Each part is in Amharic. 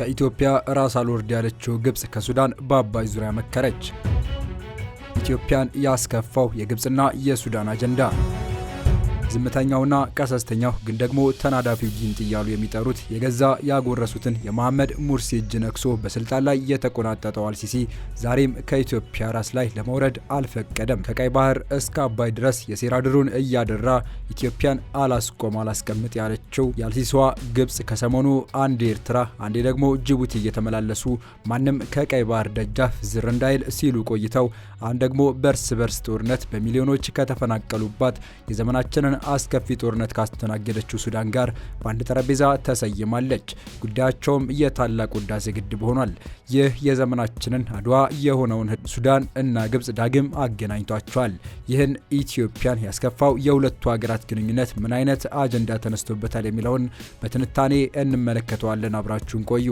ከኢትዮጵያ ራስ አልወርድ ያለችው ግብፅ ከሱዳን በአባይ ዙሪያ መከረች። ኢትዮጵያን ያስከፋው የግብፅና የሱዳን አጀንዳ ዝምተኛውና ቀሰስተኛው ግን ደግሞ ተናዳፊው ጊንጥ እያሉ የሚጠሩት የገዛ ያጎረሱትን የመሐመድ ሙርሲ እጅ ነክሶ በስልጣን ላይ የተቆናጠጠው አልሲሲ ዛሬም ከኢትዮጵያ ራስ ላይ ለመውረድ አልፈቀደም። ከቀይ ባህር እስከ አባይ ድረስ የሴራ ድሩን እያደራ ኢትዮጵያን አላስቆም አላስቀምጥ ያለችው የአልሲሲዋ ግብጽ ከሰሞኑ አንድ ኤርትራ አንዴ ደግሞ ጅቡቲ እየተመላለሱ ማንም ከቀይ ባህር ደጃፍ ዝር እንዳይል ሲሉ ቆይተው አንድ ደግሞ በእርስ በርስ ጦርነት በሚሊዮኖች ከተፈናቀሉባት የዘመናችንን አስከፊ ጦርነት ካስተናገደችው ሱዳን ጋር በአንድ ጠረጴዛ ተሰይማለች። ጉዳያቸውም የታላቁ ህዳሴ ግድብ ሆኗል። ይህ የዘመናችንን አድዋ የሆነውን ሱዳን እና ግብጽ ዳግም አገናኝቷቸዋል። ይህን ኢትዮጵያን ያስከፋው የሁለቱ ሀገራት ግንኙነት ምን አይነት አጀንዳ ተነስቶበታል የሚለውን በትንታኔ እንመለከተዋለን። አብራችሁን ቆዩ።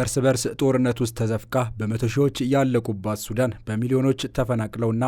በእርስ በርስ ጦርነት ውስጥ ተዘፍቃ በመቶ ሺዎች ያለቁባት ሱዳን በሚሊዮኖች ተፈናቅለውና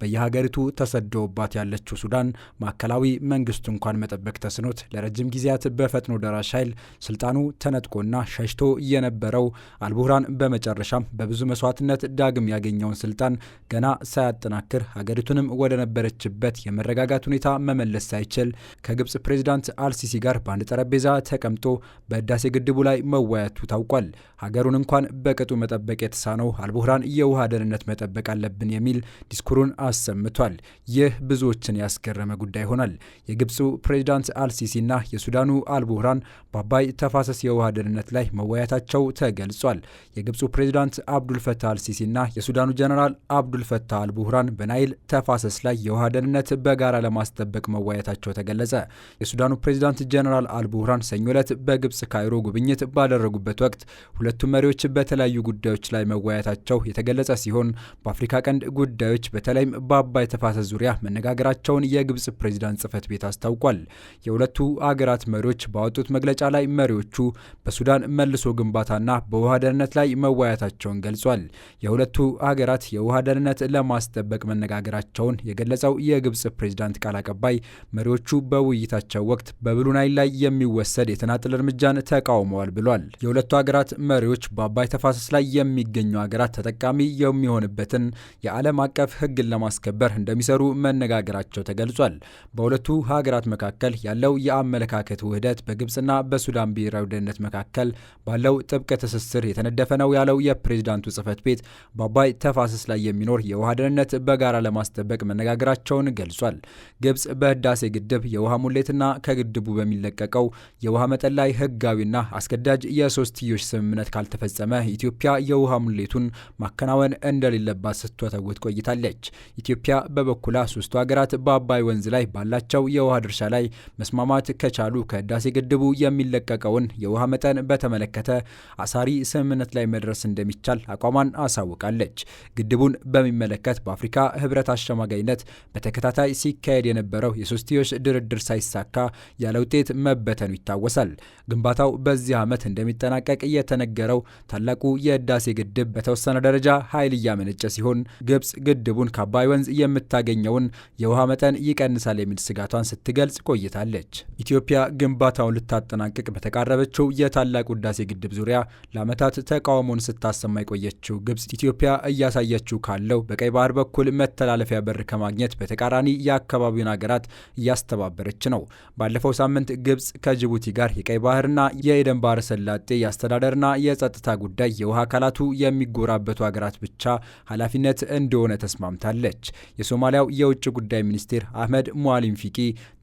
በየሀገሪቱ ተሰደውባት ያለችው ሱዳን ማዕከላዊ መንግስቱ እንኳን መጠበቅ ተስኖት ለረጅም ጊዜያት በፈጥኖ ደራሽ ኃይል ስልጣኑ ተነጥቆና ሸሽቶ የነበረው አልቡርሃን በመጨረሻም በብዙ መስዋዕትነት ዳግም ያገኘውን ስልጣን ገና ሳያጠናክር ሀገሪቱንም ወደ ነበረችበት የመረጋጋት ሁኔታ መመለስ ሳይችል ከግብፅ ፕሬዚዳንት አልሲሲ ጋር በአንድ ጠረጴዛ ተቀምጦ በህዳሴ ግድቡ ላይ መወያየቱ ታውቋል። ሀገሩን እንኳን በቅጡ መጠበቅ የተሳነው አልቡህራን የውሃ ደህንነት መጠበቅ አለብን የሚል ዲስኩሩን አሰምቷል። ይህ ብዙዎችን ያስገረመ ጉዳይ ይሆናል። የግብፁ ፕሬዚዳንት አልሲሲና የሱዳኑ አልቡህራን በአባይ ተፋሰስ የውሃ ደህንነት ላይ መወያየታቸው ተገልጿል። የግብፁ ፕሬዚዳንት አብዱልፈታህ አልሲሲና የሱዳኑ ጀነራል አብዱልፈታህ አልቡህራን በናይል ተፋሰስ ላይ የውሃ ደህንነት በጋራ ለማስጠበቅ መወያየታቸው ተገለጸ። የሱዳኑ ፕሬዚዳንት ጀነራል አልቡህራን ሰኞ ዕለት በግብፅ ካይሮ ጉብኝት ባደረጉበት ወቅት ሁለቱም መሪዎች በተለያዩ ጉዳዮች ላይ መወያየታቸው የተገለጸ ሲሆን በአፍሪካ ቀንድ ጉዳዮች በተለይም በአባይ ተፋሰስ ዙሪያ መነጋገራቸውን የግብጽ ፕሬዚዳንት ጽህፈት ቤት አስታውቋል። የሁለቱ አገራት መሪዎች ባወጡት መግለጫ ላይ መሪዎቹ በሱዳን መልሶ ግንባታና በውሃ ደህንነት ላይ መወያየታቸውን ገልጿል። የሁለቱ አገራት የውሃ ደህንነት ለማስጠበቅ መነጋገራቸውን የገለጸው የግብጽ ፕሬዚዳንት ቃል አቀባይ መሪዎቹ በውይይታቸው ወቅት በብሉ ላይ የሚወሰድ የተናጥል እርምጃን ተቃውመዋል ብሏል። የሁለቱ አገራት መሪዎች በአባይ ተፋሰስ ላይ የሚገኙ ሀገራት ተጠቃሚ የሚሆንበትን የዓለም አቀፍ ሕግን ለማስከበር እንደሚሰሩ መነጋገራቸው ተገልጿል። በሁለቱ ሀገራት መካከል ያለው የአመለካከት ውህደት በግብፅና በሱዳን ብሔራዊ ደህንነት መካከል ባለው ጥብቅ ትስስር የተነደፈ ነው ያለው የፕሬዝዳንቱ ጽህፈት ቤት በአባይ ተፋሰስ ላይ የሚኖር የውሃ ደህንነት በጋራ ለማስጠበቅ መነጋገራቸውን ገልጿል። ግብፅ በህዳሴ ግድብ የውሃ ሙሌትና ከግድቡ በሚለቀቀው የውሃ መጠን ላይ ህጋዊና አስገዳጅ የሶስትዮሽ ስምምነት ስምምነት ካልተፈጸመ ኢትዮጵያ የውሃ ሙሌቱን ማከናወን እንደሌለባት ስትወተውት ቆይታለች። ኢትዮጵያ በበኩላ ሶስቱ ሀገራት በአባይ ወንዝ ላይ ባላቸው የውሃ ድርሻ ላይ መስማማት ከቻሉ ከህዳሴ ግድቡ የሚለቀቀውን የውሃ መጠን በተመለከተ አሳሪ ስምምነት ላይ መድረስ እንደሚቻል አቋሟን አሳውቃለች። ግድቡን በሚመለከት በአፍሪካ ህብረት አሸማጋይነት በተከታታይ ሲካሄድ የነበረው የሶስትዮሽ ድርድር ሳይሳካ ያለ ውጤት መበተኑ ይታወሳል። ግንባታው በዚህ ዓመት እንደሚጠናቀቅ እየተነገ የሚነገረው ታላቁ የህዳሴ ግድብ በተወሰነ ደረጃ ኃይል እያመነጨ ሲሆን ግብጽ ግድቡን ከአባይ ወንዝ የምታገኘውን የውሃ መጠን ይቀንሳል የሚል ስጋቷን ስትገልጽ ቆይታለች። ኢትዮጵያ ግንባታውን ልታጠናቅቅ በተቃረበችው የታላቁ ህዳሴ ግድብ ዙሪያ ለዓመታት ተቃውሞን ስታሰማ የቆየችው ግብጽ ኢትዮጵያ እያሳየችው ካለው በቀይ ባህር በኩል መተላለፊያ በር ከማግኘት በተቃራኒ የአካባቢውን ሀገራት እያስተባበረች ነው። ባለፈው ሳምንት ግብጽ ከጅቡቲ ጋር የቀይ ባህርና የኤደን ባህረ ሰላጤ የአስተዳደርና የጸጥታ ጉዳይ የውሃ አካላቱ የሚጎራበቱ ሀገራት ብቻ ኃላፊነት እንደሆነ ተስማምታለች። የሶማሊያው የውጭ ጉዳይ ሚኒስቴር አህመድ ሙአሊም ፊቂ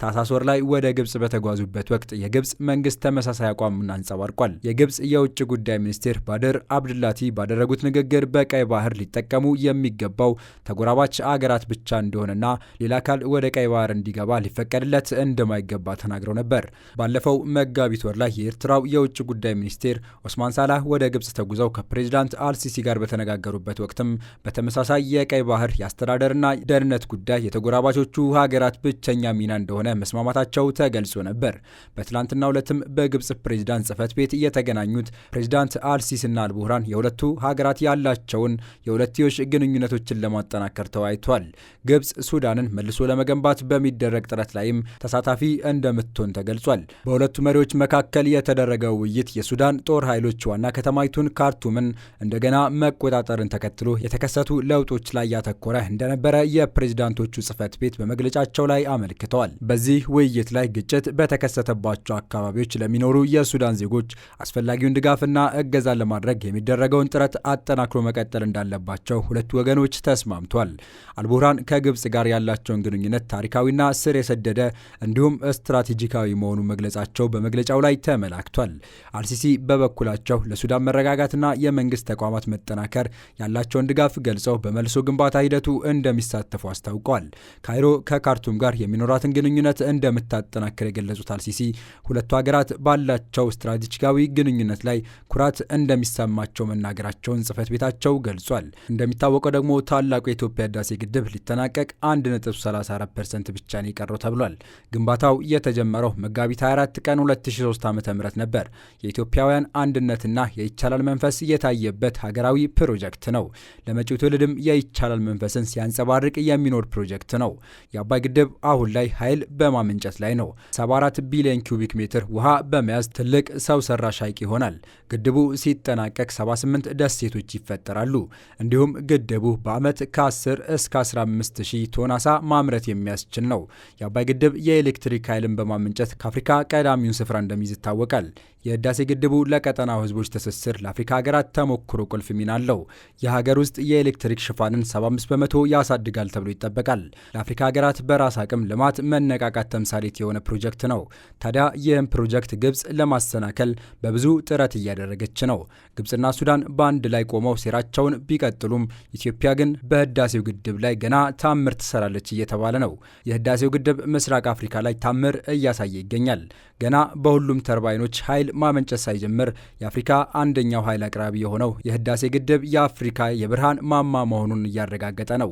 ታህሳስ ወር ላይ ወደ ግብጽ በተጓዙበት ወቅት የግብጽ መንግስት ተመሳሳይ አቋምን አንጸባርቋል። የግብጽ የውጭ ጉዳይ ሚኒስቴር ባደር አብድላቲ ባደረጉት ንግግር በቀይ ባህር ሊጠቀሙ የሚገባው ተጎራባች አገራት ብቻ እንደሆነና ሌላ አካል ወደ ቀይ ባህር እንዲገባ ሊፈቀድለት እንደማይገባ ተናግረው ነበር። ባለፈው መጋቢት ወር ላይ የኤርትራው የውጭ ጉዳይ ሚኒስቴር ኦስማን ሳላ በኋላ ወደ ግብጽ ተጉዘው ከፕሬዚዳንት አልሲሲ ጋር በተነጋገሩበት ወቅትም በተመሳሳይ የቀይ ባህር የአስተዳደርና ደህንነት ጉዳይ የተጎራባቾቹ ሀገራት ብቸኛ ሚና እንደሆነ መስማማታቸው ተገልጾ ነበር። በትላንትና ሁለትም በግብጽ ፕሬዚዳንት ጽህፈት ቤት የተገናኙት ፕሬዚዳንት አልሲሲና አልቡህራን የሁለቱ ሀገራት ያላቸውን የሁለትዮሽ ግንኙነቶችን ለማጠናከር ተወያይቷል። ግብጽ ሱዳንን መልሶ ለመገንባት በሚደረግ ጥረት ላይም ተሳታፊ እንደምትሆን ተገልጿል። በሁለቱ መሪዎች መካከል የተደረገው ውይይት የሱዳን ጦር ኃይሎች ዋና ዋና ከተማይቱን ካርቱምን እንደገና መቆጣጠርን ተከትሎ የተከሰቱ ለውጦች ላይ ያተኮረ እንደነበረ የፕሬዚዳንቶቹ ጽህፈት ቤት በመግለጫቸው ላይ አመልክተዋል። በዚህ ውይይት ላይ ግጭት በተከሰተባቸው አካባቢዎች ለሚኖሩ የሱዳን ዜጎች አስፈላጊውን ድጋፍና እገዛ ለማድረግ የሚደረገውን ጥረት አጠናክሮ መቀጠል እንዳለባቸው ሁለቱ ወገኖች ተስማምቷል። አልቡርሃን ከግብጽ ጋር ያላቸውን ግንኙነት ታሪካዊና ስር የሰደደ እንዲሁም ስትራቴጂካዊ መሆኑን መግለጻቸው በመግለጫው ላይ ተመላክቷል። አልሲሲ በበኩላቸው ለሱዳን መረጋጋትና የመንግስት ተቋማት መጠናከር ያላቸውን ድጋፍ ገልጸው በመልሶ ግንባታ ሂደቱ እንደሚሳተፉ አስታውቀዋል። ካይሮ ከካርቱም ጋር የሚኖራትን ግንኙነት እንደምታጠናክር የገለጹት አልሲሲ ሁለቱ ሀገራት ባላቸው ስትራቴጂካዊ ግንኙነት ላይ ኩራት እንደሚሰማቸው መናገራቸውን ጽህፈት ቤታቸው ገልጿል። እንደሚታወቀው ደግሞ ታላቁ የኢትዮጵያ ህዳሴ ግድብ ሊጠናቀቅ 1.34 ፐርሰንት ብቻ ነው የቀረው ተብሏል። ግንባታው የተጀመረው መጋቢት 24 ቀን 2003 ዓ ም ነበር። የኢትዮጵያውያን አንድነት አቋምና የይቻላል መንፈስ የታየበት ሀገራዊ ፕሮጀክት ነው። ለመጪው ትውልድም የይቻላል መንፈስን ሲያንጸባርቅ የሚኖር ፕሮጀክት ነው። የአባይ ግድብ አሁን ላይ ኃይል በማመንጨት ላይ ነው። 74 ቢሊዮን ኪዩቢክ ሜትር ውሃ በመያዝ ትልቅ ሰው ሰራሽ ሐይቅ ይሆናል። ግድቡ ሲጠናቀቅ 78 ደሴቶች ይፈጠራሉ። እንዲሁም ግድቡ በዓመት ከ10 እስከ 15 ሺህ ቶን አሳ ማምረት የሚያስችል ነው። የአባይ ግድብ የኤሌክትሪክ ኃይልን በማመንጨት ከአፍሪካ ቀዳሚውን ስፍራ እንደሚይዝ ይታወቃል። የህዳሴ ግድቡ ለቀጠናው ህዝቦች ትስስር ለአፍሪካ ሀገራት ተሞክሮ ቁልፍ ሚና አለው። የሀገር ውስጥ የኤሌክትሪክ ሽፋንን 75 በመቶ ያሳድጋል ተብሎ ይጠበቃል። ለአፍሪካ ሀገራት በራስ አቅም ልማት መነቃቃት ተምሳሌት የሆነ ፕሮጀክት ነው። ታዲያ ይህም ፕሮጀክት ግብፅ ለማሰናከል በብዙ ጥረት እያደረገች ነው። ግብፅና ሱዳን በአንድ ላይ ቆመው ሴራቸውን ቢቀጥሉም ኢትዮጵያ ግን በህዳሴው ግድብ ላይ ገና ታምር ትሰራለች እየተባለ ነው። የህዳሴው ግድብ ምስራቅ አፍሪካ ላይ ታምር እያሳየ ይገኛል። ገና በሁሉም ተርባይኖች ኃይል ማመንጨት ሳይጀምር የአፍሪካ አንደኛው ኃይል አቅራቢ የሆነው የህዳሴ ግድብ የአፍሪካ የብርሃን ማማ መሆኑን እያረጋገጠ ነው።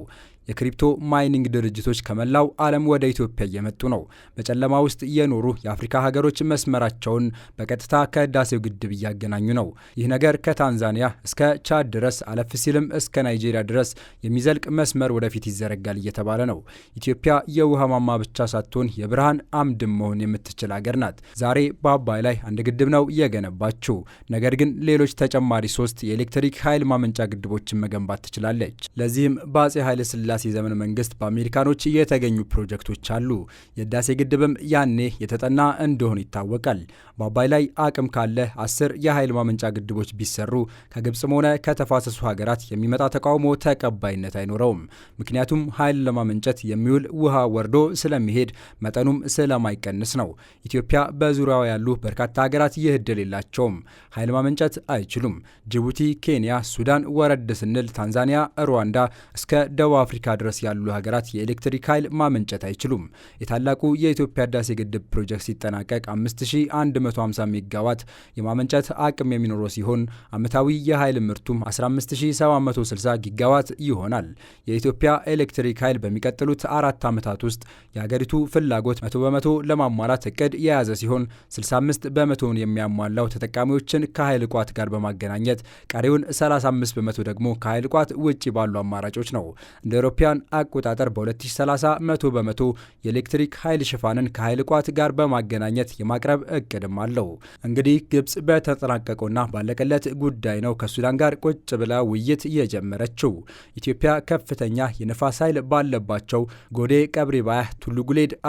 የክሪፕቶ ማይኒንግ ድርጅቶች ከመላው ዓለም ወደ ኢትዮጵያ እየመጡ ነው። በጨለማ ውስጥ የኖሩ የአፍሪካ ሀገሮች መስመራቸውን በቀጥታ ከህዳሴው ግድብ እያገናኙ ነው። ይህ ነገር ከታንዛኒያ እስከ ቻድ ድረስ አለፍ ሲልም እስከ ናይጄሪያ ድረስ የሚዘልቅ መስመር ወደፊት ይዘረጋል እየተባለ ነው። ኢትዮጵያ የውሃ ማማ ብቻ ሳትሆን የብርሃን አምድም መሆን የምትችል ሀገር ናት። ዛሬ በአባይ ላይ አንድ ግድብ ነው እየገነባችው። ነገር ግን ሌሎች ተጨማሪ ሶስት የኤሌክትሪክ ኃይል ማመንጫ ግድቦችን መገንባት ትችላለች። ለዚህም በአጼ ኃይለ ስላሴ የስላሴ ዘመን መንግስት በአሜሪካኖች የተገኙ ፕሮጀክቶች አሉ። የህዳሴ ግድብም ያኔ የተጠና እንደሆነ ይታወቃል። በአባይ ላይ አቅም ካለ አስር የኃይል ማመንጫ ግድቦች ቢሰሩ ከግብፅም ሆነ ከተፋሰሱ ሀገራት የሚመጣ ተቃውሞ ተቀባይነት አይኖረውም። ምክንያቱም ኃይል ለማመንጨት የሚውል ውሃ ወርዶ ስለሚሄድ መጠኑም ስለማይቀንስ ነው። ኢትዮጵያ በዙሪያዋ ያሉ በርካታ ሀገራት ይህ እድል የላቸውም። ኃይል ማመንጨት አይችሉም። ጅቡቲ፣ ኬንያ፣ ሱዳን፣ ወረድ ስንል ታንዛኒያ፣ ሩዋንዳ እስከ ደቡብ አፍሪካ አሜሪካ ድረስ ያሉ ሀገራት የኤሌክትሪክ ኃይል ማመንጨት አይችሉም። የታላቁ የኢትዮጵያ ህዳሴ ግድብ ፕሮጀክት ሲጠናቀቅ 5150 ሜጋዋት የማመንጨት አቅም የሚኖረው ሲሆን ዓመታዊ የኃይል ምርቱም 15760 ጊጋዋት ይሆናል። የኢትዮጵያ ኤሌክትሪክ ኃይል በሚቀጥሉት አራት ዓመታት ውስጥ የሀገሪቱ ፍላጎት መቶ በመቶ ለማሟላት እቅድ የያዘ ሲሆን 65 በመቶውን የሚያሟላው ተጠቃሚዎችን ከኃይል ቋት ጋር በማገናኘት ቀሪውን 35 በመቶ ደግሞ ከኃይል ቋት ውጭ ባሉ አማራጮች ነው። እንደ አውሮፓውያን አቆጣጠር በ2030 መቶ በመቶ የኤሌክትሪክ ኃይል ሽፋንን ከኃይል ቋት ጋር በማገናኘት የማቅረብ እቅድም አለው። እንግዲህ ግብጽ በተጠናቀቀውና ባለቀለት ጉዳይ ነው ከሱዳን ጋር ቁጭ ብላ ውይይት የጀመረችው። ኢትዮጵያ ከፍተኛ የነፋስ ኃይል ባለባቸው ጎዴ፣ ቀብሪ ባያህ፣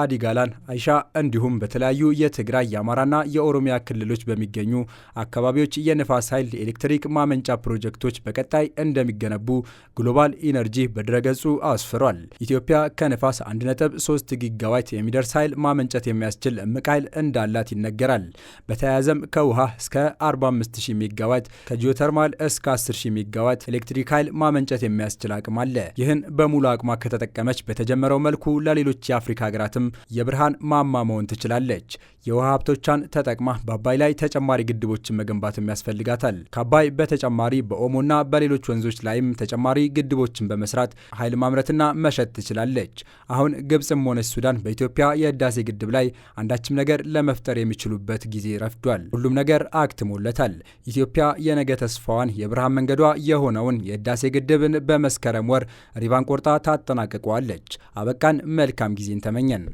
አዲጋላን፣ አይሻ እንዲሁም በተለያዩ የትግራይ የአማራና የኦሮሚያ ክልሎች በሚገኙ አካባቢዎች የነፋስ ኃይል የኤሌክትሪክ ማመንጫ ፕሮጀክቶች በቀጣይ እንደሚገነቡ ግሎባል ኢነርጂ በድረገጹ አስፍሯል። ኢትዮጵያ ከነፋስ 1.3 ጊጋዋት የሚደርስ ኃይል ማመንጨት የሚያስችል እምቅ ኃይል እንዳላት ይነገራል። በተያያዘም ከውሃ እስከ 450 ሜጋዋት ከጂኦተርማል እስከ 10 ሚጋዋት ኤሌክትሪክ ኃይል ማመንጨት የሚያስችል አቅም አለ። ይህን በሙሉ አቅሟ ከተጠቀመች በተጀመረው መልኩ ለሌሎች የአፍሪካ ሀገራትም የብርሃን ማማ መሆን ትችላለች። የውሃ ሀብቶቿን ተጠቅማ በአባይ ላይ ተጨማሪ ግድቦችን መገንባትም ያስፈልጋታል። ከአባይ በተጨማሪ በኦሞና በሌሎች ወንዞች ላይም ተጨማሪ ግድቦችን በመስራት ኃይል ማምረትና መሸጥ ትችላለች። አሁን ግብፅም ሆነች ሱዳን በኢትዮጵያ የህዳሴ ግድብ ላይ አንዳችም ነገር ለመፍጠር የሚችሉበት ጊዜ ረፍዷል። ሁሉም ነገር አክትሞለታል። ኢትዮጵያ የነገ ተስፋዋን የብርሃን መንገዷ የሆነውን የህዳሴ ግድብን በመስከረም ወር ሪቫን ቆርጣ ታጠናቅቀዋለች። አበቃን። መልካም ጊዜን ተመኘን።